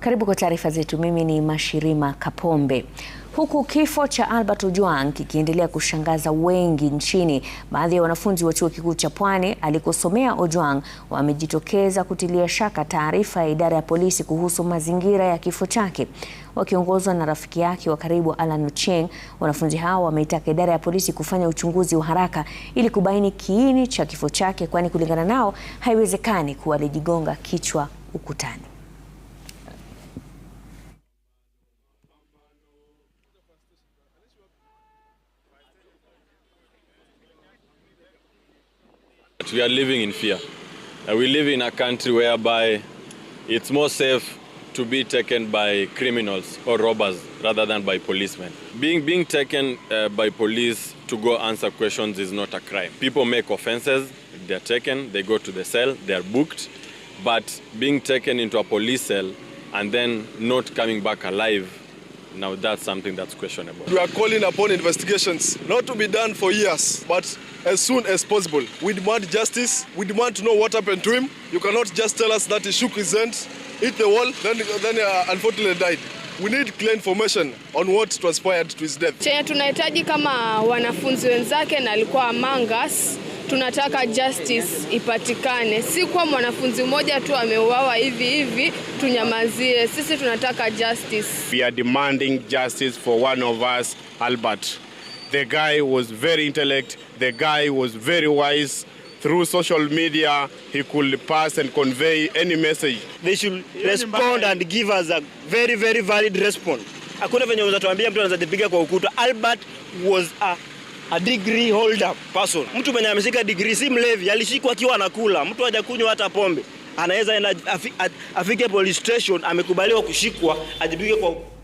Karibu kwa taarifa zetu. Mimi ni Mashirima Kapombe. Huku kifo cha Albert Ojwang kikiendelea kushangaza wengi nchini, baadhi ya wanafunzi wa chuo kikuu cha Pwani alikosomea Ojwang wamejitokeza kutilia shaka taarifa ya idara ya polisi kuhusu mazingira ya kifo chake. Wakiongozwa na rafiki yake wa karibu Alan Ochieng, wanafunzi hao wameitaka idara ya polisi kufanya uchunguzi wa haraka ili kubaini kiini cha kifo chake, kwani kulingana nao haiwezekani kuwa alijigonga kichwa ukutani. that we are living in fear. Uh, we live in a country whereby it's more safe to be taken by criminals or robbers rather than by policemen. Being, being taken uh, by police to go answer questions is not a crime. People make offenses, they're taken, they go to the cell, they're booked, but being taken into a police cell and then not coming back alive Now that's something that's questionable. We are calling upon investigations not to be done for years, but as soon as possible. We demand justice. We demand to know what happened to him. You cannot just tell us that he shook his hand, hit the wall, then, then he uh, unfortunately died. We need clear information on what transpired to his death. Chenye tunahitaji kama wanafunzi wenzake na alikuwa among us tunataka justice ipatikane, si kwa mwanafunzi mmoja tu ameuawa hivi hivi tunyamazie. Sisi tunataka justice. We are demanding justice for one of us, Albert. The guy was very intellect, the guy was very wise. Through social media, he could pass and convey any message. They should respond and give us a very, very valid response. Hakuna venye unatuambia mtu anazajipiga kwa ukuta. Albert was a a degree holder person, mtu mwenye ameshika degree, si mlevi. Alishikwa akiwa anakula, mtu hajakunywa hata pombe, anaweza enda afike police station, amekubaliwa kushikwa, ajibike kwa